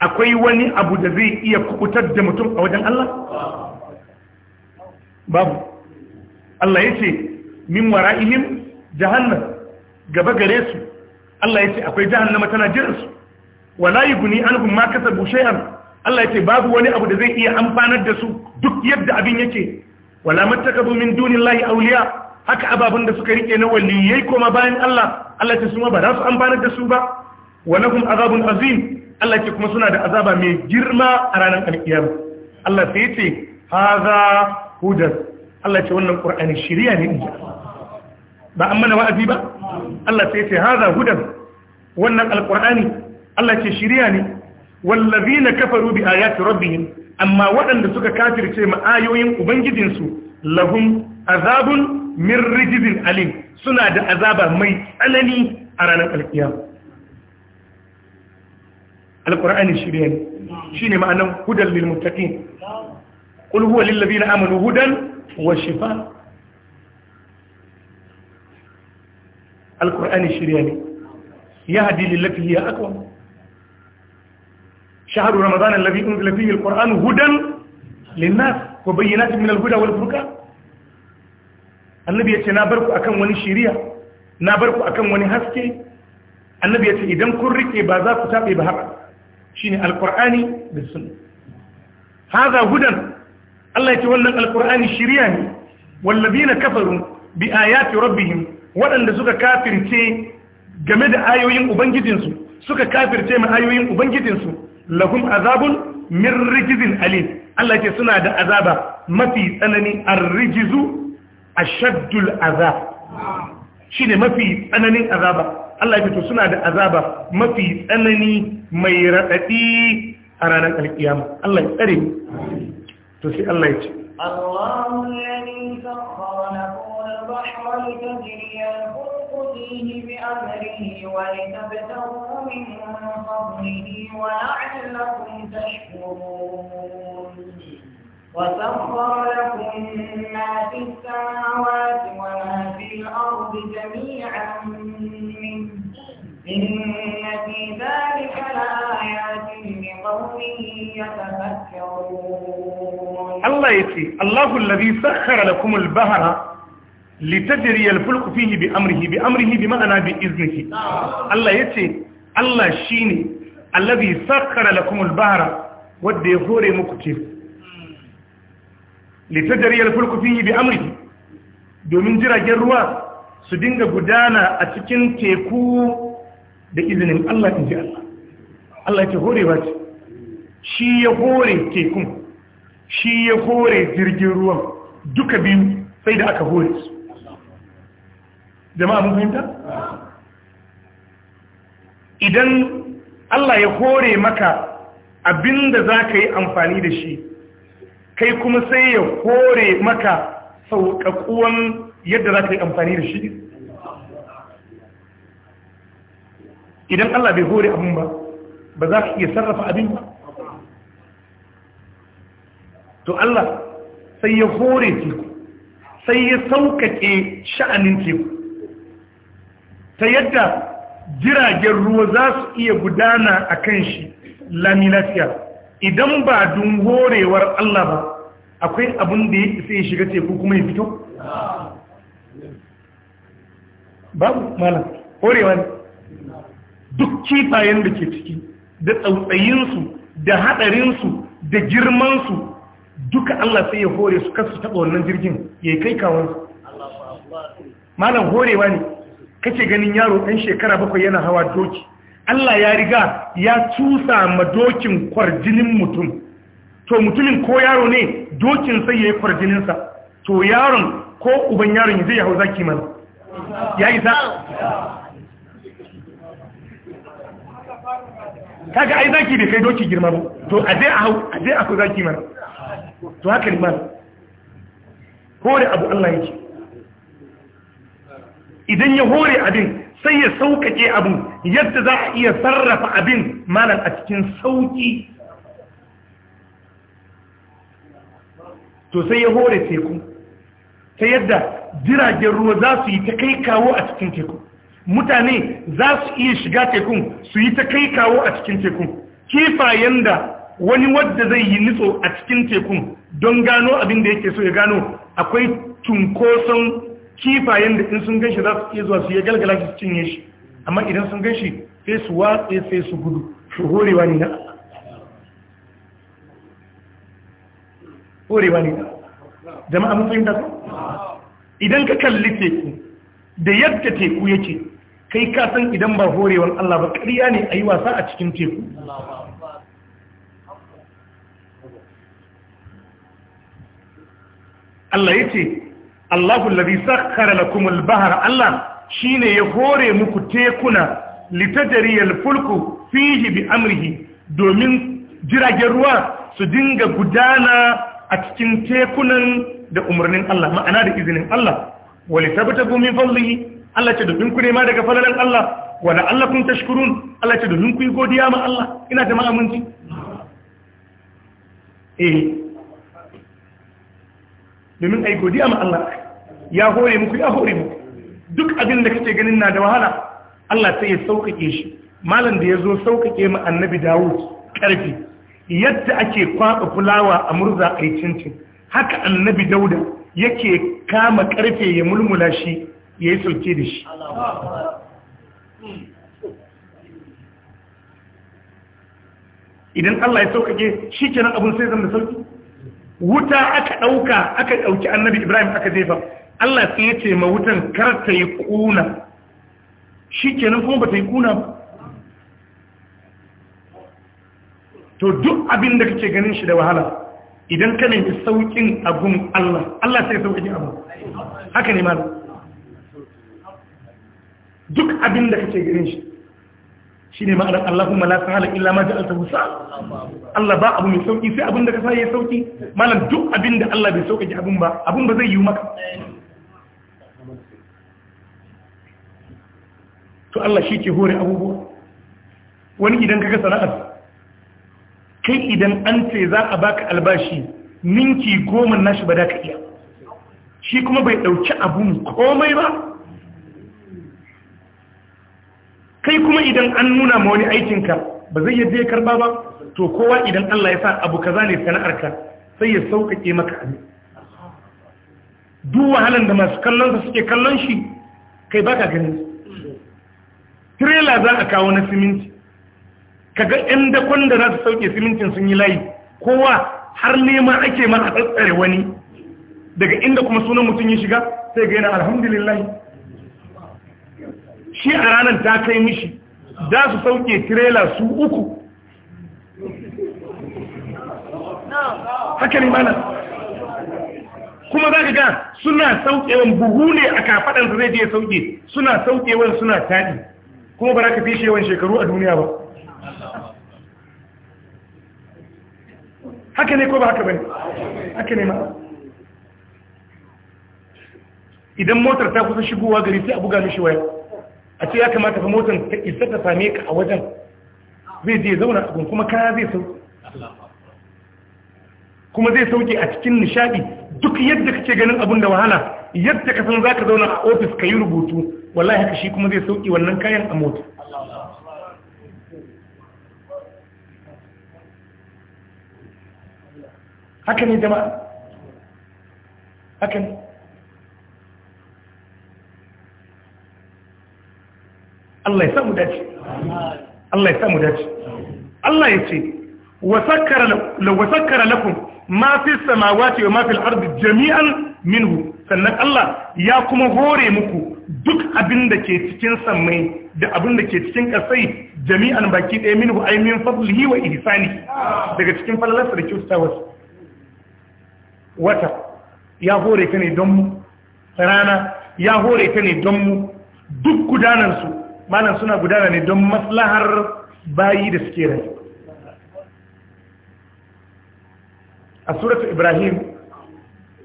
akwai wani abu da zai iya kubutar da mutum a wajen Allah babu Allah ya ce min wara'ihim Jahannan, gaba gare su Allah ya ce akwai jahannama tana jiran su wala yughni anhum ma kasabu shay'an Allah ya ce babu wani abu da zai iya amfanar da su duk yadda abin yake wala mattakadu min dunillahi awliya haka ababun da suka rike na waliyai kuma bayan Allah Allah ya ce su ma ba za su amfanar da su ba wa lahum azabun azim Allah ya ce kuma suna da azaba mai girma a ranar alkiyama Allah sai ya ce hadha hudan Allah ya ce wannan qur'ani shiriya ne inji Allah ba an mana wa'azi ba Allah sai ce haza hudan wannan alqur'ani Allah ce shiriya ne wallazina kafaru bi ayati rabbihim amma waɗanda suka kafirce ma'ayoyin ubangijinsu lahun azabun min rijzin alim suna da azaba mai tsanani a ranar alkiyama alqur'ani shiriya ne shine ma'anar hudan lil muttaqin qul huwa na amanu hudan wa shifa alkur'ani shirya ne ya hadi lillafi hiya aqwa shahru ramadan alladhi unzila fihi alquran hudan linnas wa bayyinatin min alhuda wal furqan annabi ya ce na bar ku akan wani shiriya na bar ku akan wani haske annabi ya ce idan kun rike ba za ku tabe ba haka shine alqur'ani da sunna hada hudan Allah ya ce wannan alqur'ani shiriya ne wallazina kafaru bi ayati rabbihim waɗanda suka kafirce game da ayoyin ubangijinsu suka kafirce mai ayoyin ubangijinsu lahum azabun min rigizin alim Allah ke suna da azaba mafi tsanani arrijizu ashaddul azab shine mafi tsananin azaba Allah ya to suna da azaba mafi tsanani mai raɗaɗi a ranar alkiyama Allah ya tsare to sai Allah ya ce Allahu alladhi sakhkhara والبحر لتجري الفلك فيه بأمره ولتبتغوا من فضله ولعلكم تشكرون وسخر لكم ما في السماوات وما في الأرض جميعا منه إن في ذلك لآيات لقوم يتفكرون الله يتي الله الذي سخر لكم البحر litajri al-fulku fihi bi amrihi bi amrihi bi ma'ana bi iznihi Allah yace Allah shine allazi sakkara lakum al-bahra wadda ya hore muku teku litajri al-fulku fihi bi amrihi domin jiragen ruwa su dinga gudana a cikin teku da izinin Allah inji Allah Allah ya ce horewa ce shi ya hore tekun shi ya hore jirgin ruwan duka biyu sai da aka hore su jama'a mun fahimta idan Allah ya hore maka abinda za ka yi amfani da shi kai kuma sai ya hore maka sauƙaƙuwan yadda za ka yi amfani da shi idan Allah bai hore abin ba ba za ka iya sarrafa abin ba to Allah sai ya hore teku sai ya sauƙaƙe sha'anin teku ta yadda jiragen ruwa za su iya gudana a kan shi laminatiya idan ba dun horewar Allah ba akwai abin da ya isa ya shiga teku kuma ya fito? babu malam horewa ne duk kifayen da ke ciki da tsautsayinsu da haɗarinsu da girmansu duka Allah sai ya hore su kasu taɓa wannan jirgin ya kai kawansu malam horewa ne kace ganin yaro ɗan shekara bakwai yana hawa doki Allah ya riga ya tusa ma dokin kwarjinin mutum to mutumin ko yaro ne dokin sai ya yi kwarjininsa to yaron ko uban yaron zai hawa zaki mana ya isa kaga ai zaki bai kai doki girma ba to a zai a hau a zai a ku zaki mana to haka ne ba ko da abu Allah yake idan ya hore abin sai ya sauƙaƙe abin yadda za a iya sarrafa abin malam a cikin sauƙi to sai ya hore teku ta yadda jiragen ruwa za su yi ta kai kawo a cikin teku mutane za su iya shiga tekun su yi ta kai kawo a cikin tekun kifayen da wani wadda zai yi nitso a cikin tekun don gano abin da yake so ya gano akwai cunkoson kifayen da in sun gan shi za su iya zuwa su ya galgala su cinye shi amma idan sun gan shi sai su watsa sai su gudu su horewa ne na horewa ne na jama'a mun fahimta su idan ka kalli teku da yadda teku yake kai ka san idan ba horewan Allah ba ƙarya ne a yi wasa a cikin teku Allah ya ce Allahu allazi sakhkhara lakum al-bahra Allah shine ya hore muku tekuna litajariyal fulku fihi bi amrihi domin jiragen ruwa su dinga gudana a cikin tekunan da umarnin Allah ma'ana da izinin Allah wali tabtagu min fadlihi Allah ce domin ku nema daga falalan Allah wala allakum tashkurun Allah ce domin ku yi godiya ma Allah ina da ma'amunci eh domin ai godiya ma Allah ya hore muku ya hore muku duk abin da kake ganin na da wahala Allah sai ya sauƙaƙe shi malam da ya zo sauƙaƙe ma annabi Dawud ƙarfi yadda ake kwaɓa fulawa a murza a yi cincin haka annabi Dauda yake kama karfe ya mulmula shi ya yi sauke da shi idan Allah ya sauƙaƙe shi kenan abin sai zan da sauƙi wuta aka ɗauka aka ɗauki annabi Ibrahim aka jefa Allah sai ya ce ma wutan kar ta yi kuna shi kenan kuma ba ta yi kuna ba to duk abin da kake ganin shi da wahala idan ka nemi saukin abun Allah Allah sai saukin abu haka ne malam duk abin da kake ganin shi shi ne ma'anar Allahumma la sahala illa ma ja'alta musa Allah ba abu mai sauki sai abin da ka sa ya sauki malam duk abin da Allah bai sauƙaƙe abun ba abun ba zai yi maka to Allah shi ke hore abubuwa wani idan kaga sana'ar kai idan an ce za a baka albashi ninki goma nashi ba da ka iya shi kuma bai dauki abun komai ba kai kuma idan an nuna ma wani aikinka ba zai yadda ya karba ba to kowa idan Allah ya sa abu kaza ne sana'arka sai ya sauƙaƙe maka abin duk wahalar da masu kallon sa suke kallon shi kai baka ganin su tirela za a kawo na siminti kaga yan dakon da za su sauke simintin sun yi layi kowa har nema ake ma a tsatsare wani daga inda kuma sunan mutum ya shiga sai ga yana alhamdulillah shi a ranar ta kai mishi za su sauke tirela su uku haka ne mana kuma za ka ga suna wani buhu ne a kafaɗansa zai je sauke suna wani suna taɗi kuma ba za ka fi shi yawan shekaru a duniya ba haka ne ko ba haka bane haka ne ma idan motar ta kusa shigowa gari sai a buga mishi waya a ce ya kamata fa motar ta isa ta same ka a wajen zai je zauna a kuma kaya zai sauke kuma zai sauke a cikin nishadi duk yadda kake ganin abun da wahala yadda ka san za ka zauna a ofis ka yi rubutu wallahi haka shi kuma zai sauki wannan kayan a mota haka ne jama'a haka ne Allah ya samu dace Allah ya samu dace Allah ya ce wa sakkara lakum ma fi samawati wa ma fi al-ardi jami'an minhu sannan Allah ya kuma hore muku duk abin da ke cikin sammai da abin da ke cikin kasai jami'an baki ɗaya minhu ay min fadlihi wa ihsani daga cikin falalarsa da kyautatawa wata ya hore ka ne don mu rana ya hore ka ne don mu duk gudanar malam suna gudana ne don maslahar bayi da suke rai a suratu ibrahim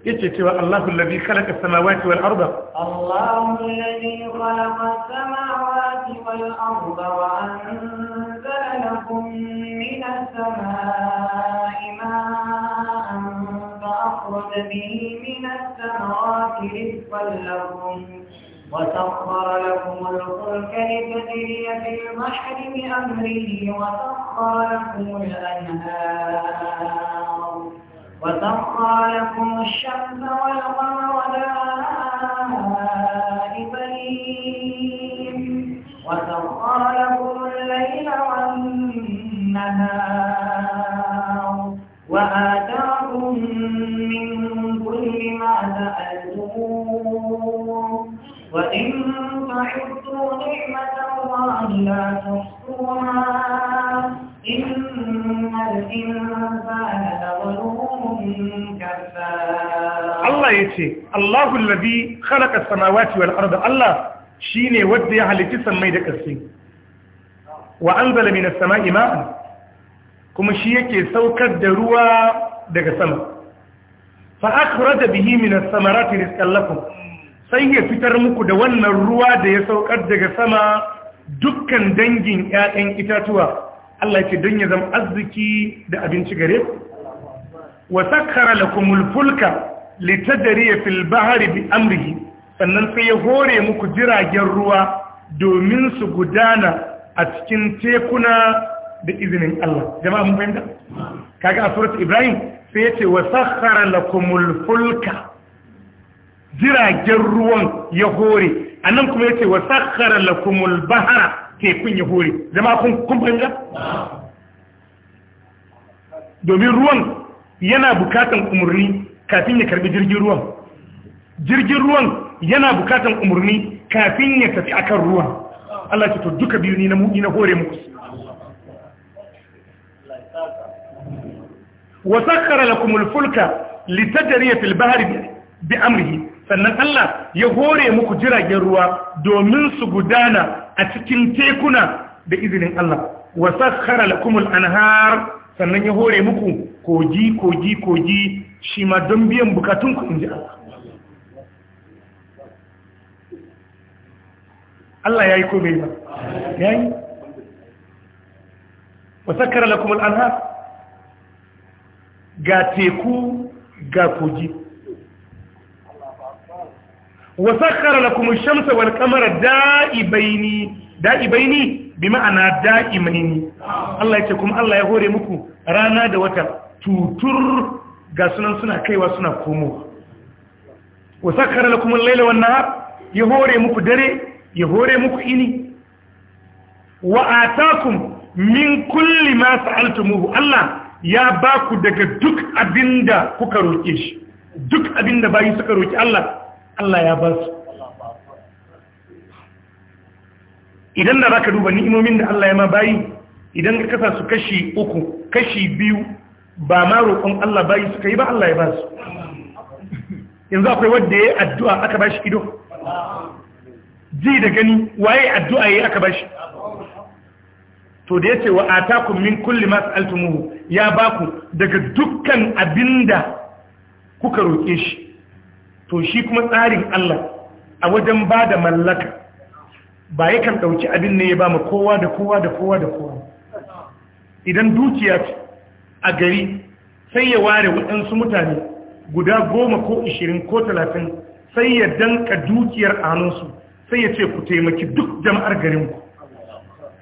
yace cewa Allahu allazi khalaqa samawati wal arda Allahu allazi khalaqa samawati wal arda wa anzala lakum minas samaa'i ma'an fa akhraja bihi minas samarati rizqan lakum وسخر لكم الفلك لتجري في البحر بأمره وسخر لكم الأنهار لكم الشمس والقمر دائبين وسخر لكم الليل والنهار وآتاكم من كل ما سألتموه وإن نعمة الله لا تحصوها إن الإنسان لظلوم Allah ya ce, Allahu labi halaka samawati wal arda Allah shi ne wadda ya halitti sammai da ƙarfi. Wa an zalami na sama ima'an, kuma shi yake saukar da ruwa daga sama. Fa'akura da bihi minas samarati riskallakun, sai ya fitar muku da wannan ruwa da ya saukar daga sama dukkan dangin ‘ya'yan itatuwa. Allah ce don ya zama arziki da abinci gare ku. wa sakkara lakumul fulka litadriya ya bahri bi amri. sannan sai ya hore muku jiragen ruwa domin su gudana a cikin tekuna da izinin Allah jama'a mun fahimta kaga a surat Ibrahim sai yace wa sakhara lakumul fulka jiragen ruwan ya hore anan kuma yace wa sakhara lakumul bahara tekun ya hore jama'a kun kun fahimta domin ruwan yana bukatan umarni kafin ya karbi jirgin ruwan jirgin ruwan yana bukatan umarni kafin ya tafi akan ruwan Allah ce to duka biyu ni na mu hore muku wa sakhara lakum fulka litajriya fil bahri bi amrihi sannan Allah ya hore muku jiragen ruwa domin su gudana a cikin tekuna da izinin Allah wa sakhara lakum al-anhar sannan ya hore muku kogi kogi kogi shi ma don biyan bukatunku in ji Allah Allah ya yi ko bai ba ya yi wasakkar lakumul anhar ga teku ga kogi wasakkar lakumul shamsa wal kamar da'ibaini da'ibaini bi ma'ana da'imaini Allah ya kuma Allah ya hore muku rana da wata tutur ga sunan suna kaiwa suna komo wa sakara lakum al-laila wan nahar ya hore muku dare ya hore muku ini wa atakum min kulli ma sa'altumuhu Allah ya baku daga duk abinda kuka roke shi duk abinda bayi suka roki Allah Allah ya basu. idan da ka duba ni'imomin da Allah ya ma bayi idan ka kasa su kashi uku kashi biyu ba ma roƙon Allah bayi suka yi ba Allah ya ba su yanzu akwai wanda ya addu'a aka ba shi ido ji da gani waye addu'a ya yi aka ba shi? to da ya ce wa takun min kulli masu sa'altumuhu ya ba ku, daga dukkan abinda kuka roƙe shi to shi kuma tsarin Allah a wajen ba da mallaka ba ya kan ɗauki abin ne ya ba ma kowa da kowa da kowa da kowa idan dukiya ce a gari sai ya ware waɗansu mutane guda goma ko ishirin ko talatin sai ya danka dukiyar anunsu sai ya ce ku taimaki duk jama'ar garinku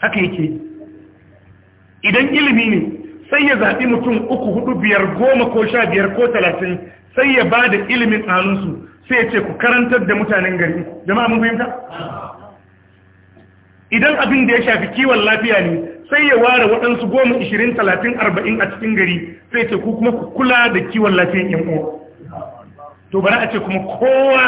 haka yake idan ilimi ne sai ya zaɓi mutum uku hudu biyar goma ko sha biyar ko talatin sai ya ba da ilimin anunsu sai ya ce ku karantar da mutanen garinku jama'a mun fahimta idan abin da ya shafi kiwon lafiya ne sai ya ware waɗansu goma ishirin talatin arba'in a cikin gari sai ce ku kuma ku kula da kiwon lafiyan yan uwa to bari a ce kuma kowa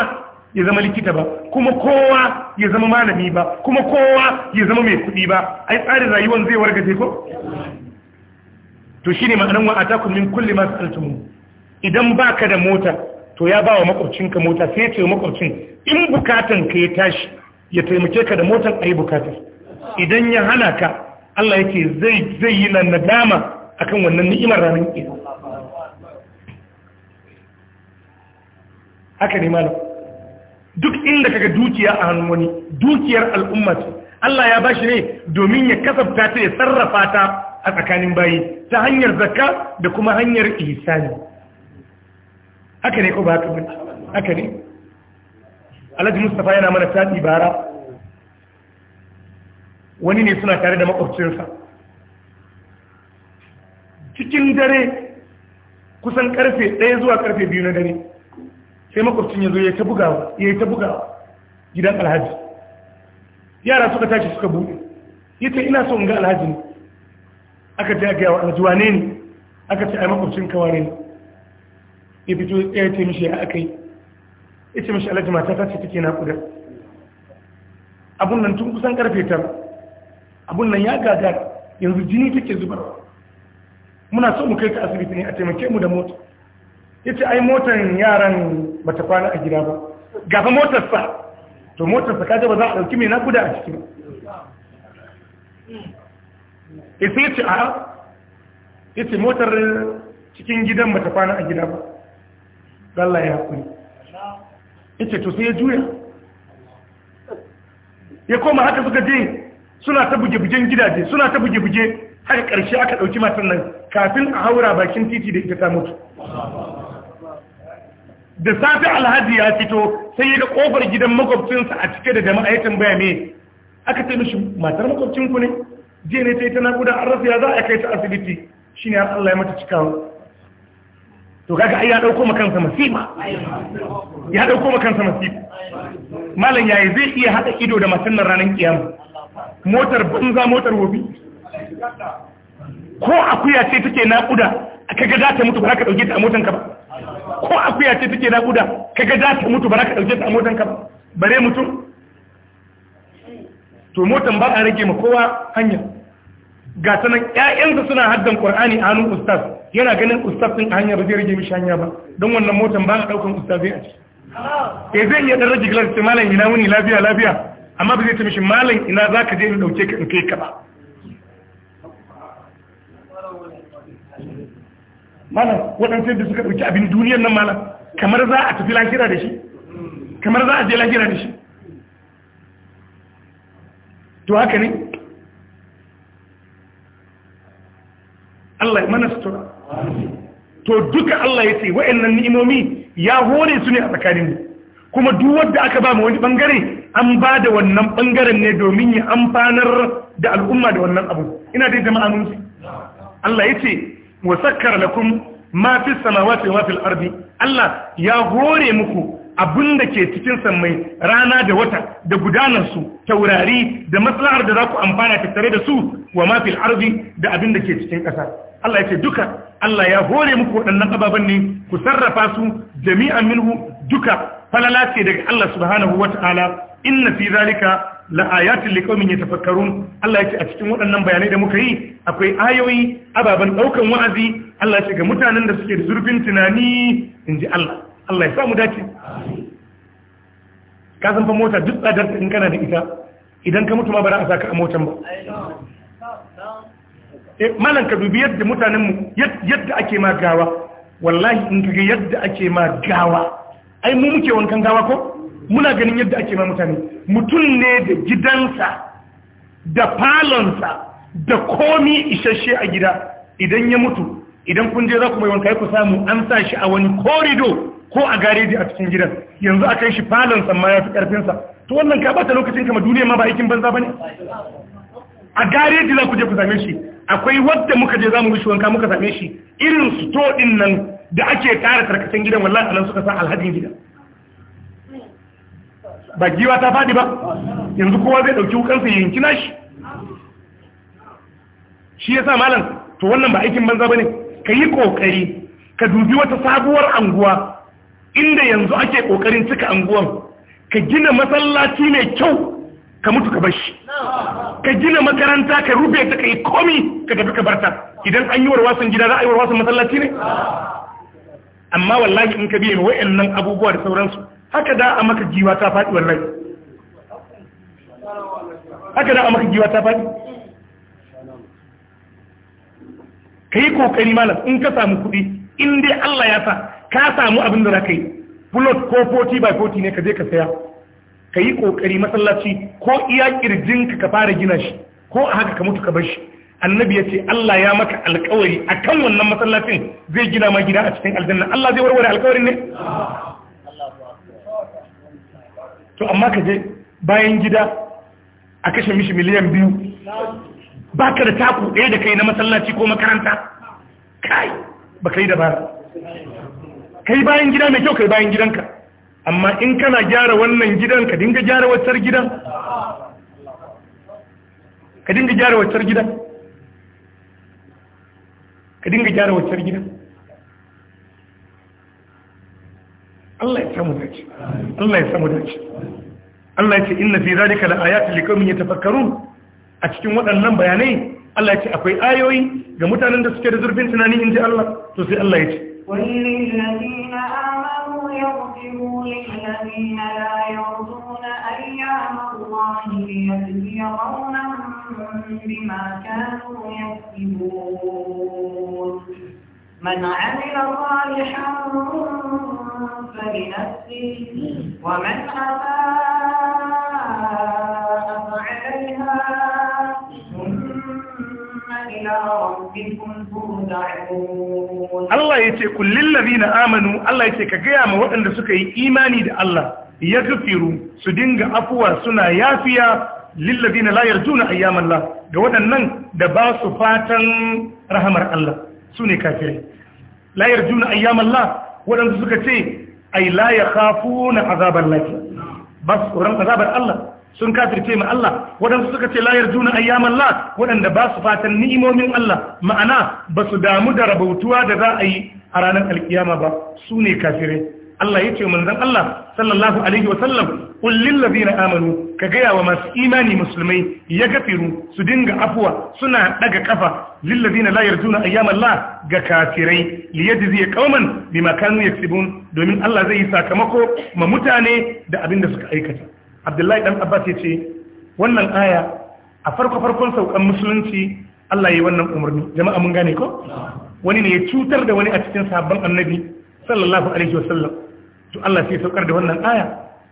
ya zama likita ba kuma kowa ya zama malami ba kuma kowa ya zama mai kuɗi ba ai tsarin rayuwar zai warga wargaje ko to shine ma'anar wa ataku min kulli ma sa'altum idan baka da mota to ya bawa makwabcinka mota sai ya ce makwabcin in bukatan ka ya tashi ya taimake ka da motar yi bukatar idan ya hana ka Allah yake zai zai yi nadama akan wannan ni'imar ranar kiyama haka ne malam duk inda kaga dukiya a hannun wani dukiyar al'umma ce Allah ya bashi ne domin ya kasafta ta ya sarrafa ta a tsakanin bayi ta hanyar zakka da kuma hanyar ihsani haka ne ko ba haka ba haka ne alhaji mustapha yana mana ta bara wani ne suna tare da makwabcinsa cikin dare kusan karfe ɗaya zuwa karfe biyu na dare sai makwabcin ya zo ya ta bugawa ya ta bugawa gidan alhaji yara suka tashi suka buɗe ya ce ina son in ga alhaji ne aka ce gaya wa alhaji wane ne aka ce ai makwabcin kawane ne ya fito ya ce mishi ya aka yi ita mashi alhaji mata ta ce take naƙuda abun nan tun kusan karfe tar abun nan ya gaga yanzu jini take zubar. muna so mu kai ka asibiti ne a taimake mu da mota Yace ai motan yaran bata kwana a gida ba gafa sa, to motar sa kaga ba za a ɗauki mai naƙuda a ciki ba yace a yace motar cikin gidan bata kwana a gida ba Allah ya kuri yace to sai ya juya ya koma haka suka je suna ta buge-bugen gidaje suna ta buge-buge har ƙarshe aka ɗauki matan nan kafin a haura bakin titi da ita ta mutu da safe alhaji ya fito sai ya ga ƙofar gidan makwabcinsa a cike da jama'a ya tambaya me aka ce mishi matar makwabcinku ne je ne ta yi ta naƙuda an rasa ya za a kai ta asibiti shine har Allah ya mata cikawa to kaga ai ya dauko maka kansa masifa ya dauko maka kansa masifa malam yayi zai iya hada ido da matan nan ranar kiyama motar banza motar wobi ko akuya ce take naƙuda kaga za ta mutu ba ka dauke ta a ka ba ko akuya ce take naƙuda kaga za ta mutu ba ka dauke ta a ka ba bare mutum to motan ba a rage ma kowa hanya ga sanan ƴaƴansa suna haddan qur'ani a hannun ustaz yana ganin ustafin din hanyar ba zai rage mishi hanya ba don wannan motan ba a daukan ustazai a ciki ke eh, zai iya dan rage glass malam ina wuni lafiya lafiya amma ba zai ta mishi malam ina zaka je in dauke ka in kai ka ba malam waɗansu yadda suka ɗauki abin duniyar nan malam kamar za a tafi lahira da shi kamar za a je lahira da shi to haka ne Allah ya mana sutura to duka Allah ya ce wa'annan ni'imomi ya hore su ne a tsakanin kuma duk wadda aka ba mu wani bangare an ba da wannan bangaren ne domin ya amfanar da al'umma da wannan abu ina dai jama'a mun Allah ya ce wa sakkara lakum ma fi samawati wa fil ardi Allah ya hore muku abin da ke cikin sammai rana da wata da gudanarsu taurari da maslahar da za ku amfana tattare da su wa mafil arzi da abin da ke cikin ƙasa Allah ya ce duka Allah ya hore muku waɗannan ababen ne ku sarrafa su jami'an milhu duka falala ce daga Allah subhanahu wata'ala inna fi zalika la ayatin liqaumin yatafakkarun Allah ya ce a cikin waɗannan bayanai da muka yi akwai ayoyi ababen daukan wa'azi Allah ya ce ga mutanen da suke da zurfin tunani inji Allah Allah ya sa mu dace ka san fa mota duk tsadar in kana da ita idan ka mutu ma ba za a saka a motan ba Eh, malan ka dubi yadda mutanenmu yadda ake ma gawa wallahi in kaga yadda ake ma gawa ai mu muke wankan gawa ko muna ganin yadda ake ma mutane mutum ne da gidansa da falonsa da komi isasshe a gida idan ya mutu idan kun je za ku mai wanka ku samu an sa shi a wani korido ko a gareji a cikin gidan yanzu a kai shi falonsa ma ya fi karfinsa to wannan ka bata lokacin kama duniya ma ba aikin banza ba ne a gareji za ku je ku same shi akwai wadda muka je zamu wuce wanka muka same shi irin su to din nan da ake kara tarkacen gidan wallahi anan suka sa alhajin gida ba giwa ta fadi ba yanzu kowa zai dauki sa ya kina shi shi yasa malam to wannan ba aikin banza bane kayi kokari ka dubi wata sabuwar anguwa inda yanzu ake kokarin cika anguwan ka gina masallaci mai kyau ka mutu ka bar shi ka gina makaranta ka rufe ta ka yi komi ka tafi ka barta idan an yi warwasan gida za a yi warwasan masallaci ne amma wallahi in ka biye ma wayannan abubuwa da sauransu haka da a maka jiwa ta faɗi wallahi haka da a maka jiwa ta faɗi ka yi kokari malam in ka samu kuɗi in dai Allah ya sa ka samu abin da za ka yi bulot ko 40 by 40 ne ka je ka saya ka yi ƙoƙari masallaci ko iya ƙirjin ka fara gina shi ko a haka ka mutu ka bar shi annabi ya ce Allah ya maka alƙawari a kan wannan masallacin zai gina ma gida a cikin aljanna Allah zai warware alƙawarin ne? to amma ka je bayan gida a kashe mishi miliyan biyu ba ka da taku ɗaya da kai na masallaci ko makaranta kai ba ka yi dabara kai bayan gida mai kyau kai bayan gidanka amma in kana gyara wannan gidan ka dinga gyara wacar gidan ka dinga gyara wacar gidan ka dinga gyara wacar gidan Allah ya samu dace Allah ya samu dace Allah ya ce inna fi zalika laayatin liqaumin yatafakkarun a cikin waɗannan bayanai Allah ya ce akwai ayoyi ga mutanen da suke da zurfin tunani inji Allah to sai Allah ya ce wallil ladina يغفروا للذين لا يرجون أيام الله ليجزي قوما بما كانوا يكسبون من عمل صالحا فلنفسه ومن أساء فعليها Allah ya ce, Kullin lalina amanu, Allah ya ce, ka gaya ma waɗanda suka yi imani da Allah ya gafiru su dinga afuwa suna yafiya na layar juna a yaman waɗannan da ba su fatan rahamar Allah su ne kafirai. Layar juna a yaman suka ce, ai la ya kafu na azabar lafi, azabar Allah. sun kafirce ma Allah waɗansu suka ce layar juna ayyaman la waɗanda ba su fatan ni'imomin Allah ma'ana ba su damu da rabautuwa da za a yi a ranar alkiyama ba su ne kafirai Allah ya ce manzan Allah sallallahu alaihi wa sallam qul ladina amanu ka gaya wa masu imani musulmai ya gafiru su dinga afuwa suna daga kafa lil ladina la yarjuna ayyaman la ga kafirai liyajzi qauman bima kanu yaksubun domin Allah zai yi sakamako ma mutane da abin da suka aikata abdullahi dan abbas ya ce wannan aya a farko farkon saukan musulunci Allah ya yi wannan umarni jama'a mun gane ko wani ne ya cutar da wani a cikin sabon annabi sallallahu alaihi wasallam to Allah sai saukar da wannan aya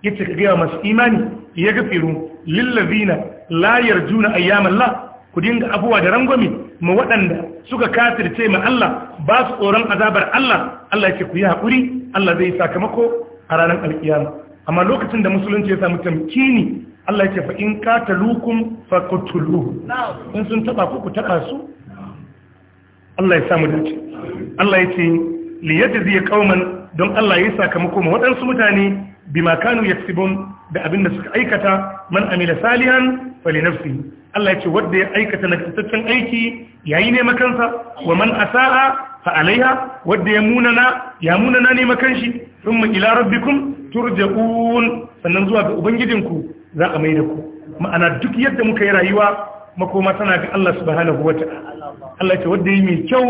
yace ka gaya masu imani ya gafiru lillazina la yarjuna ayyaman la ku dinga abuwa da rangwame ma waɗanda suka kafirce ma Allah ba su tsoron azabar Allah Allah yake ku yi hakuri Allah zai sakamako a ranar alkiyama amma lokacin da musulunci ya samu tamkini Allah ya ce fa in qataluukum faqtuluhu in sun taba ku ku taba su Allah ya samu dace Allah ya ce li yajzi qauman don Allah ya sakamako ma waɗansu mutane bima kanu yaksibun da abin da suka aikata man amila salihan fali nafsi Allah ya ce wanda ya aikata nagartaccen aiki yayi ne makansa wa man asaa fa alaiha wadda ya munana ya munana ne shi thumma ila rabbikum turja'un sannan zuwa ga ubangijinku za a mai da ku ma'ana duk yadda muka yi rayuwa makoma tana ga Allah su subhanahu wata'ala Allah ce wadda ya yi mai kyau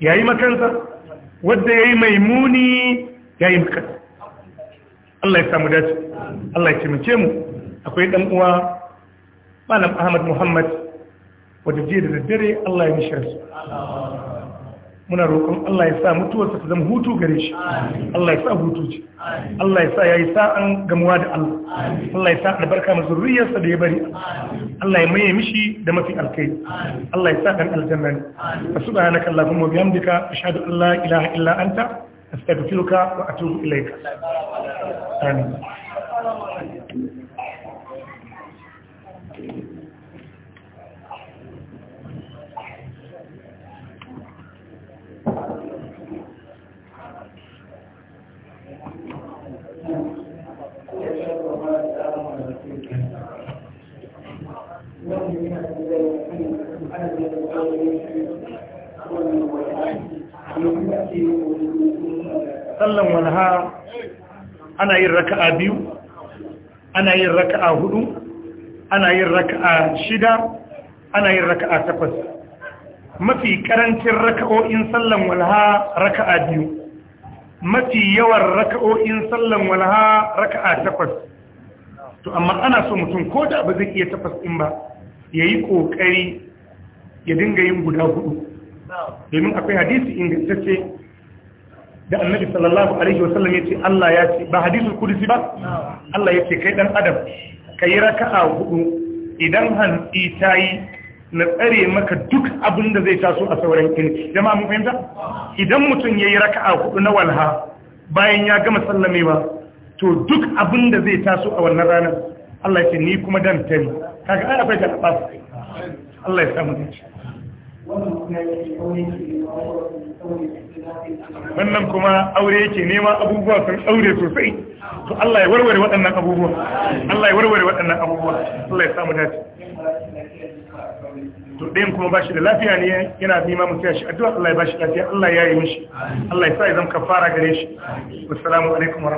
ya yayi makansa wadda ya yi mai muni ya yayi makansa Allah ya samu dace Allah ya ce mace mu akwai dan uwa Malam Ahmad Muhammad wadda jiya da daddare Allah ya mishirsu muna roƙon Allah ya sa mutuwarsa ta zama hutu gare shi Allah ya sa hutu ce Allah ya sa yayi sa'an gamuwa da Allah Allah ya sa albarka ma zuriyarsa da ya bari Allah ya maye mishi da mafi alkai Allah ya sa dan aljanna ne subhanaka allahumma wa bihamdika ashhadu an la ilaha illa anta astaghfiruka wa atubu ilaika amin sallan walha ana yin raka'a biyu ana yin raka'a hudu ana yin raka'a shida ana yin raka'a takwas mafi karancin raka'o'in sallan walha raka'a biyu mafi yawan raka'o'in sallan walha raka'a takwas to amma ana so mutum ko da ba zai iya takwas din ba Ya yi kokari ya dinga yin guda hudu domin akwai hadisi ingantacce da annabi sallallahu alaihi wasallam ya ce Allah ya ce ba hadisul kudusi ba Allah ya ce kai dan adam ka yi raka'a hudu idan hantsi tayi na tsare maka duk abin da zai taso a sauran kirki jama'a mun fahimta idan mutum yayi raka'a hudu na walha bayan ya gama sallamewa to duk abin da zai taso a wannan ranar Allah ya ce ni kuma dan tare kaga ai akwai da Allah ya samu dace wannan kuma aure yake nema abubuwa sun aure sosai to Allah ya warware waɗannan abubuwa Allah ya warware waɗannan abubuwa Allah ya samu dace to ɗayan kuma ba shi da lafiya ne yana nima mutum shi addu'a Allah ya bashi lafiya Allah ya yi mishi Allah ya sa ya zama kafara gare shi assalamu alaikum wa wa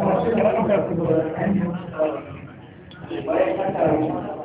wabarakatuh